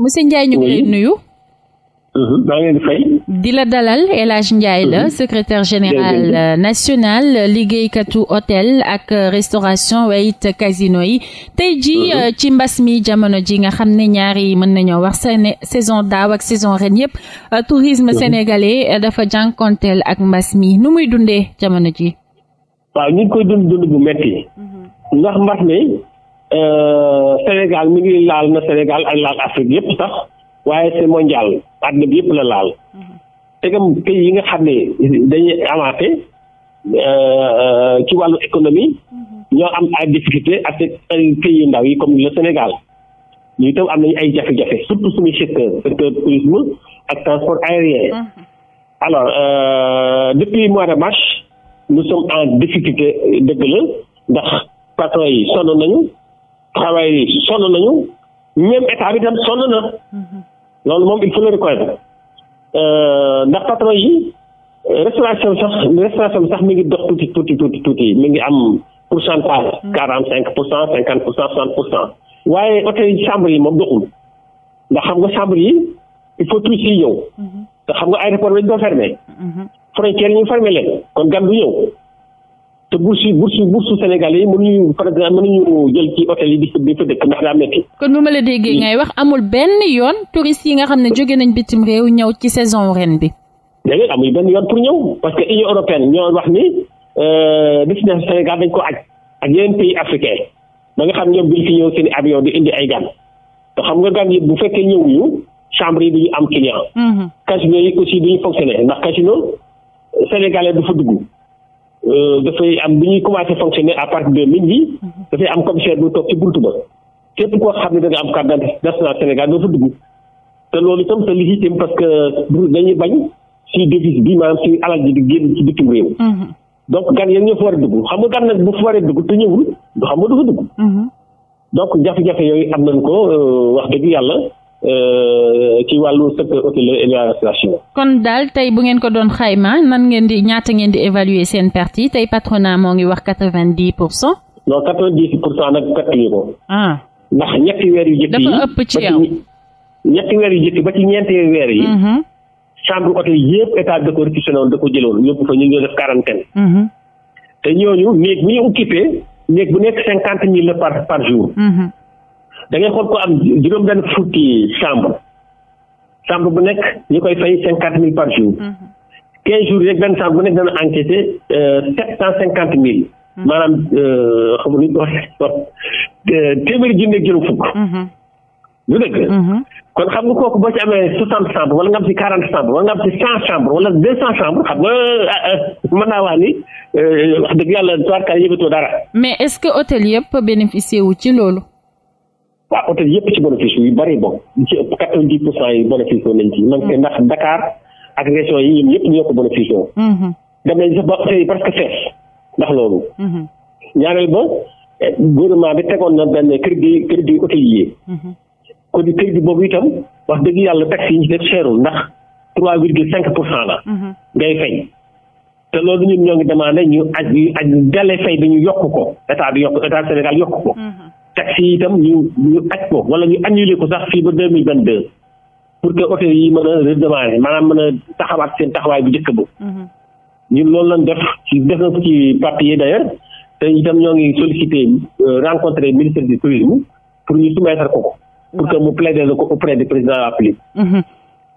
monsieur Ndiaye ñu ngi lay mhm, di la dalal El Hadj Ndiaye la mhm. secretaire général national liggéeykatu hôtel ak restauration waaye it casino yi tey ji mhm. euh, ci mbas mi jamono ji nga xam ne ñaari mën nañoo wax saison daaw ak saison ren yëpp euh, tourisme sénégalais euh, dafa jànkonteel ak mbas mi nu muy dundee jamono ji waaw ñu koy dund dund bu metti ndax mbas mi Euh, Sénégal mu ngi laal na Sénégal ak laal Afrique yëpp sax waaye c'est mondial àdduna bi yëpp la laal mhm. tegam pays yi nga xam ne dañuy avancé euh, ci wàllu économie mhm. ñoo am ay difficulté ak ay pays yu ndaw yi comme le Sénégal ñu itam am nañu ay jafe-jafe surtout suñu secteur secteur tourisme ak transport aérien mhm. alors euh, depuis mois de marche nous sommes en difficulté dëgg la ndax patron yi sonn nañu travail yi sonn nañu même état bi tam sonn na loolu moom il faut le reconnaître euh, ndax patron yi restauration bi sax restauration sax mi ngi dox tuuti tuuti tuuti tuuti mi ngi am pour pourcentage hmm. quarante cinq pour cent cinquante pour cent soixante pour cent waaye hôtel yi yi moom doxul ndax xam nga chambre yi il faut tuuti si ñëw hmm. te xam nga aéroport bi dañ ko fermé hmm. frontière yi ñu fermé leen kon gan du ñëw te bourse bourse bourse Sénégal yi mënuñu par exemple mënuñu jël ci hôtel yi di di fa dëkk ndax daa metti kon bu ma la déggee ngay wax amul benn yoon touristes yi nga xam ne jóge nañ bitim réew ñëw ci saison ren bi. déedéet amul benn yoon pour ñëw parce que Union européenne ñoo wax ni euh, Sénégal dañ ko aj ak yeneen pays africain ba xam ñoom bi fi ñëw seen i avion di indi ay gan te xam nga gan yi bu fekkee ñëwuñu chambre yi du ñu am client. Mhm. casino yi aussi du ñu fonctionné ndax casino sénégalais du fa dugg. Euh, dafay am bi ñuy commencé fonctionner à partir de minuit dafay am commissaire bu toog ci buntu ba képp koo xam ne da nga am carte d'identité nationale Sénégal nga fa dugg te loolu itam c'est légitime parce que dañuy bañ si devise bi maanaam si alal ji di génn ci bitim réew. Mm-hmm. donc gan yéen ñoo fa war a dugg xam nga gan nag bu fa waree dugg te ñëwul du xam nga du mm-hmm. donc jafe-jafe yooyu am nañ ko euh, wax dëgg yàlla. Euh, ci wàllu secteur hôtelier et de la restauration. kon daal tey bu ngeen ko doon xayma nan ngeen di ñaata ngeen di évaluer seen perte yi tey patronat moo ngi wax quatre vingt dix pour cent. non néeg bu ñu occupé néeg bu nekk cinquante mille par par jour. Mm-hmm. dangay xool ko am juróom-benn fukki chambre chambre bu nekk ñu koy fay cinquante mille par jour mhm. quinze jours rek benn chambre bu nekk dana encaissé euh, sept cent cinquante mhm. maanaam euh, xam nga ni wax téeméeri junni ak juróom fukk mhm. lu dëgg kon xam nga kooku boo ci amee soixante chambre wala nga am ci quarante chambre wala nga am ci cent chambre deux cent chambre xam nga ah, ah, mën naa wax ni euh, wax dëgg yàlla tuwaarkaay yëbatoo dara mais est-ce que hôtel yëpp bénéficier wu ci loolu waa hôtel yëpp ci bénéfice yu bari bokk ci ëpp quatre-vingt-dix pour cent yi bénéfice woon nañ ci nag mm-hmm. ndax Dakar ak région yi ñun yëpp ñoo ko bénéfice woo mm-hmm. dem nañ sax ba hôtel yi presque fees ndax loolu mm-hmm. ñaareel ba gouvernement bi tegoon na benn crédit yi ñu def cherul ndax trois virgule cinq pour cent loolu ñun ñoo ngi demandé ñu aj aj dale bi ñu yokk ko état bi yokk état Sénégal yokk ko taxi yi itam ñu ñu aj ko wala ñu annulé ko sax fii ba deux mille vingt deux pour que oto yi mën a redémarrer maanaam mën a taxawaat seen taxawaay bu njëkk ba. Mhm. ñun loolu lañ def ci def na ci papier d'ailleurs te itam ñoo ngi sollicité euh, rencontrer ministre du tourisme pour ñu soumettre ko ko. pour que mu plaider la ko auprès du président de la République. Mhm.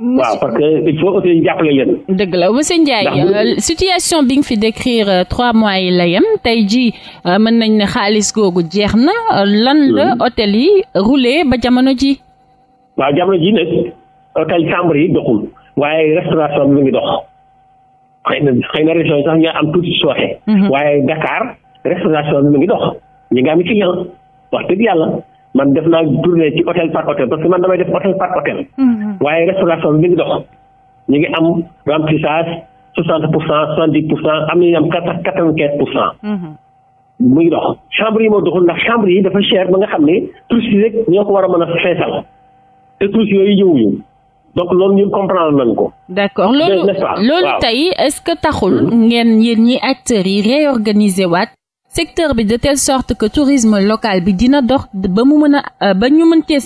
waaw parce que il faut aussi ñu jàppale leen. dëgg la monsieur Ndiaye euh, situation bi nga fi décrire euh, trois mois yi la yem tey jii euh, mën nañ ne xaalis googu jeex na lan la mm-hmm. hôtel yi roulé ba jamono ji waaw jamono ji nag hôtel chambre yi doxul waaye restauration bi mu ngi dox xëy na xëy na région yi sax ñoo am tuuti sooxe. Mm-hmm. waaye Dakar restauration bi mu ngi dox ñu ngi am client wax dëgg yàlla. man def naa tournée ci hôtel par hôtel parce que man damay def hôtel par hôtel. Mm-hmm. waaye restauration bi mi ngi dox. ñu ngi am remplissage soixante pour cent soixante dix pour cent am nañu am quatre mm-hmm. ko war a mën a feesal te touristes yooyu ñëwuñu donc loolu ñun comprendre nañ ko. d' loolu loolu est ce que taxul. ngeen ñi acteurs yi réorganiser waat secteur bi de telle sorte que tourisme local bi dina dox ba mu mën a euh, ba ñu mën cee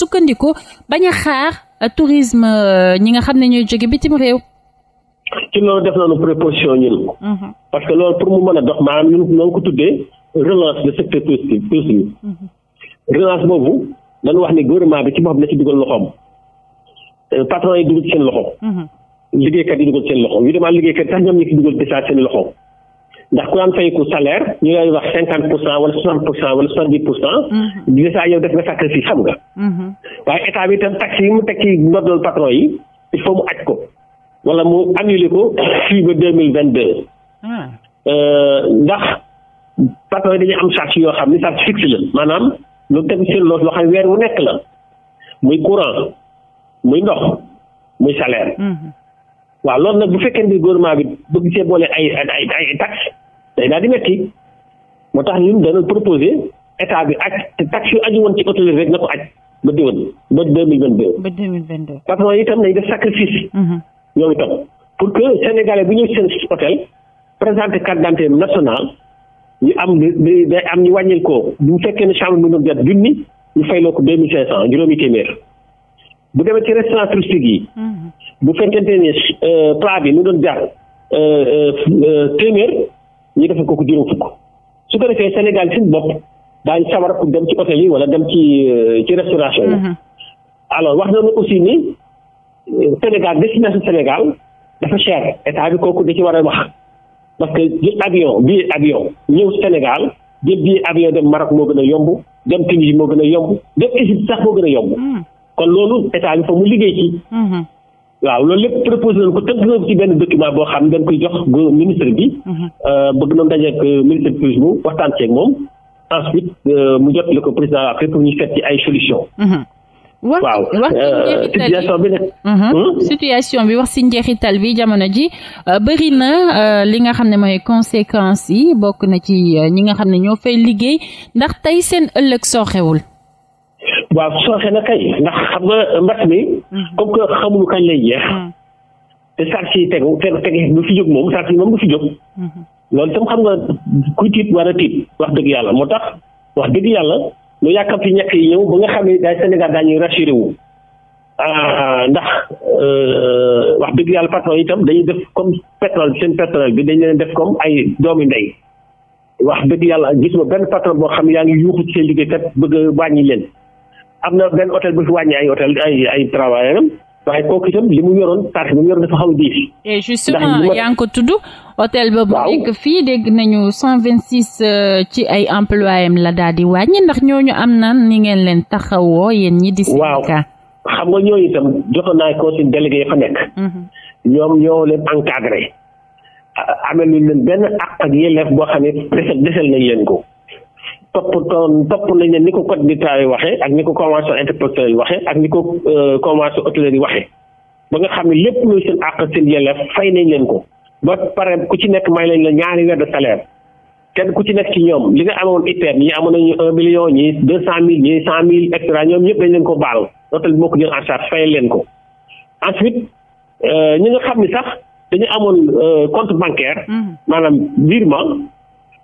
sukkandiku bañ a xaar euh, tourisme euh, ñi nga xam ne ñooy jóge bitim réew. ci loolu def nañu préposition ñun. Mhm. parce que loolu pour mu mën a dox maa ñun ñoo ngi ko tuddee relance de secteur touristique tourisme. Mhm. relance boobu dañu wax ni gouvernement bi ci boppam la ci dugal loxoom. patron yi dugal ci seen loxo. Mhm. liggéeykat yi dugal ci seen loxo yu demaat liggéeykat yi seen loxo. ndax ku daan fayeku salaire ñu lay wax cinquante pour cent wala soixante pour cent wala dix pour cent. Mhm. déjà yow def nga sacrifice xam nga. Mhm. waaye état bi itam taxe yi mu teg ci ndoddal patron yi il faut mu aj ko wala mu annulé ko fii ba deux mille vingt deux. Ah. Euh, ndax patron yi dañuy am charge yoo xam ni charge fixe la maanaam lu tegu seen loolu loo xam weer mu nekk la muy courant muy ndox muy salaire. Mhm. waaw loolu nag bu fekkee ne gouvernement bi bëgg see boole ay ay ay daal di metti moo tax ñun dana proposé état bi te taxes yu aju woon ci autorisé rek na ko aj ba déwén ba deux mille vingt deux. ba deux mille vingt deux. parce que itam nañ def sacrifice. Mm-hmm. ñoom itam pour que sénégalais bu ñëw seen hôtel présenté carte d'identité nationale ñu am day am ñu wàññil ko bu fekkee ne chambre mu doon jot junni ñu fayloo ko deux mille cinq cent juróomi demee ci restaurant touristique yi. Mm-hmm. bu fekkente ne euh, plat bi mu doon jar euh, euh, téeméer ñu defal ko ko juróom fukk su ko defee Sénégal suñu bopp daañu sawar pour dem ci hôtel yi wala dem ci ci restauration yi. Mm-hmm. alors wax nañu aussi ni Sénégal destination Sénégal dafa cher état bi kooku de ci war a wax parce que jël avion bii avion ñëw Sénégal jël bii avion dem Maroc moo gën a yomb dem Tunisie moo gën a yomb dem Égypte sax moo gën a yomb mm-hmm. kon loolu état bi fa mu liggéey ci. Mm-hmm. waaw loolu lépp proposé nañ ko tënk na ci benn document boo xam dañ koy jox ministre bi. Mhm. Euh, bëgg na mu dajeeg euh, ministre bi tourisme waxtaan ceeg moom ensuite euh, mu jot li ko président après pour ñu seet ci ay solution mhm. wax situation bi situation bi mhm. hmm? wax si njeexital bi jamono ji bëri na li nga xam ne mooy conséquence yi bokk na ci ñi nga xam ne ñoo fay liggéey ndax tey seen ëllëg xewul waaw sooxe na kay ndax xam nga mbas mi. Mm-hmm. comme que xamuñu kañ lay jeex. Mm-hmm. te sàcc yi tegu tegu tegu du fi jóg moom sàcc yi moom du fi jóg. Mm-hmm. loolu itam xam nga kuy tiit war a tiit wax dëgg yàlla moo tax wax dëgg yàlla lu yàkkamti ñàkk yi ñëw ba nga xam ne daay Sénégal daañuy rassuré wu. Ah, ah, ndax euh, wax dëgg yàlla patron itam dañuy def comme pétrole seen pétrole bi dañ leen def comme ay doomi ndey wax dëgg yàlla gis ma benn patron boo xam yaa ngi yuuxu ci seen liggéeykat bëgg a wàññi leen. am na benn hôtel bu fi wàññi ay hôtel ay ay travailleurs waaye kooku li mu yoroon tâche bi mu yoroon dafa xaw a diis. et justement yaa ngi ko tudd. hôtel ba bu nekk fii dégg nañu cent vingt six euh, ci ay employés la daal di wàññi ndax ñooñu am na ni ngeen leen taxawoo yéen ñi. di syndicat waaw xam nga ñooñu tam jotoon naa ko ci délégué yi fa nekk. Mhm. ñoom ñoo leen encadré. amee lu leen benn ak ak yelleef boo xam ne desal desal nañ leen ko. topp topp nañ ne ni ko code d'État yi waxee ak ni ko convention interprofessionnelle yi waxee ak euh, ba nga xam ne lépp luy seen àq seen yelleef fay nañ leen ko ba pare ku ci nekk may lañ la ñaari weer salaire kenn ku ci nekk ci ñoom li nga amoon IPM ñi amoon nañu un million ñi deux cent mille ñi ñoom ñëpp dañ leen ko baal hôtel bi moo ko jël en leen ko ensuite euh, ñi nga xam ni sax dañu amoon euh, compte bancaire mm-hmm. maanaam virement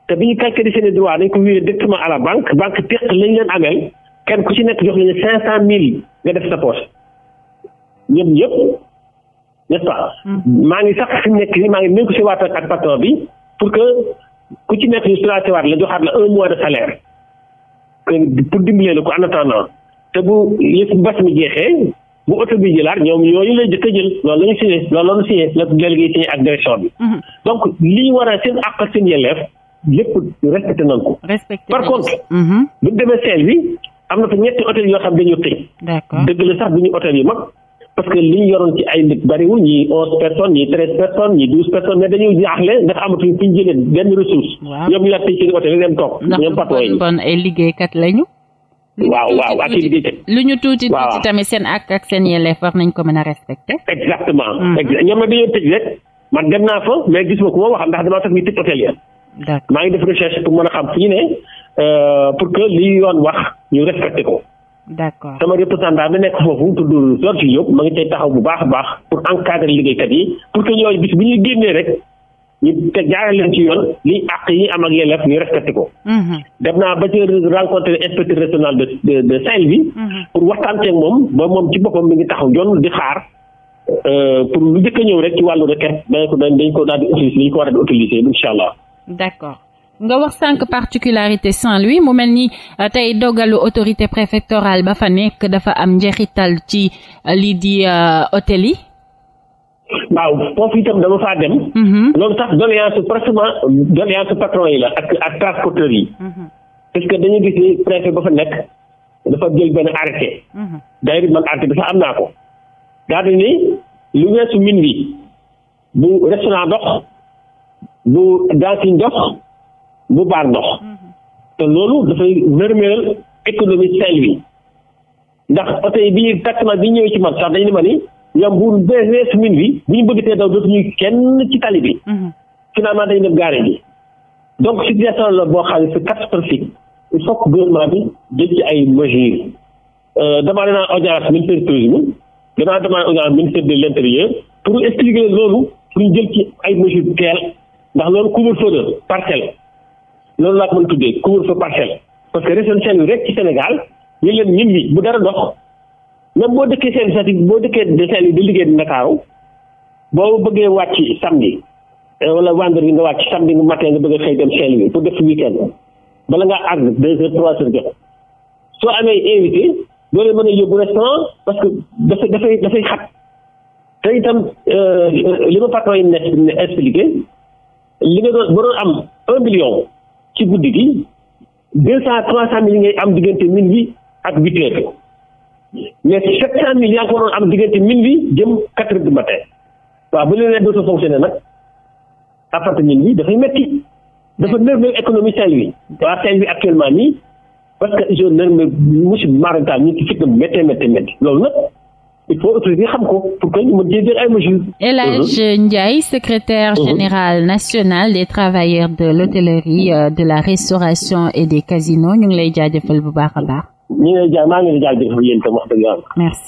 te bi ñu calculé seen i droit dañ ko viré directement à la banque banque teq lañ leen ameel kenn ku ci nekk jox leen cinq cent mille nga def sa poche ñëpp yëpp mm-hmm. maa ngi sax nekk nii maa ngi négocié waat ak bi pour que ku ci nekk ñu traité waat la joxaat la un mois de salaire pour dimbalee la ko en attendant te bu yëf bas mi jeexee. bu oto bi jëlaat ñoom yooyu lay jëkk a jël loolu la ñu signé loolu la ñu signé la ak direction bi. Mm-hmm. donc li war a seen àq seen yelleef lépp respecté nañ ko. respecté par contre. Mhm. bu demee Saint-Louis am na fa ñetti hôtel yoo xam dañoo tëj. dëgg la sax du ñu hôtel yu mag. parce que li ñu yoroon ci ay nit bariwul ñii onze personnes ñii treize personnes ñii douze personnes mais dañuy jaaxle ndax amatuñ fi ñu jëlee benn dem toog. ñoom patron yi liggéeykat lañu. waaw waaw lu ñu tuuti tamit seen ak ak seen yelleef war nañ ko mën a respecté. exactement. Mhm. ñoom dañoo tëj rek man dem naa fa mais gis ma ku wax ndax damaa maa ngi def recherche pour man a xam fu ne euh, pour que li yoon wax ñu respecté ko. d'accord sama représentant bi nekk foofu tudd Georges Diop ma ngi tey taxaw bu baax a baax pour encadrer liggéeykat yi pour que ñooy bis bi ñuy génnee rek. ñu te jaarale leen ci yoon liy àq yi am ak yelleef ñu respecté ko. Mm-hmm. def naa ba ci rencontré inspecteur régional de de de saint mm-hmm. pour waxtaan ceeg moom ba moom ci boppam mi ngi taxaw jonn di xaar euh, pour lu njëkk a ñëw rek ci wàllu requête dañ ko daal di utiliser dañ ko war a di utiliser incha d'accord nga wax sànq particularité Saint-Louis mu mel ni euh, tey dogalu autorité préfectorale ba fa nekk dafa am njeexital ci euh, lii di euh, hôtel yi. waaw foofu itam dama faa dem. Mhm. loolu sax doléance pratiquement doléance patron yi la ak ak transporteurs yi. Mhm. parce que dañu gis ni préfet ba fa nekk dafa jël benn arrêté. Mhm. d'ailleurs man arrêté bi am naa ko. daa ni lu weesu min bu restaurant dox. bu daasiñ dox bu baax ndox te loolu dafay nërmeeral économie Saint-Louis ndax oto yi bi ñuy takk bi ñëwee ci man sax dañu ma ni ñoom bu bees min bu ñu bëgg te daw dootuñu kenn ci tali bi mhm. finalement dañu def gaare bi donc situation la boo xam ne c'est catastrophique il faut bi jël ci ay mesures euh, dama naa audience ministère du tourisme danaa demandé audience ministère de l'intérieur pour expliquer loolu pour ñu jël ci ay mesures teel ndax loolu couvre-feu la partiel loolu laa ko tuddee couvre-feu partiel parce que région Saint-Louis rek ci Sénégal ñu leen ñun ñi bu dara dox même boo dëkkee sa sati boo dëkkee de saint di liggéey di Ndakaaru boo bëggee wàcc samedi eh, wala vendredi nga wàcc samedi nga matin nga bëgg a xëy dem saint pour def week-end bala ngaa àgg deux heures trois heures soo amee invité doo leen mën a yóbbu restaurant parce que dafay dafay xat te itam euh, li ma patron yi expliqué li nga doon ba doon am un million ci guddi gi deux cent trois cent mille ngay am diggante minuit ak huit heures mais sept cent mille yaa ngi ko doon am diggante minuit jëm quatre heures du matin waaw bu leen dootoo fonctionné nag appartement bi dafay metti dafa nërmeel économie Saint-Louis waa Saint-Louis actuellement nii parce que je nërmeel monsieur Marantal ñu ci fitna méttee méttee métti loolu nag il faut autorités xam ko pour ay mesures. El Hadj mhm. mhm. des travailleurs de l'hôtellerie euh, de la restauration et des casinos ñu ngi lay jaajëfal bu baax a baax.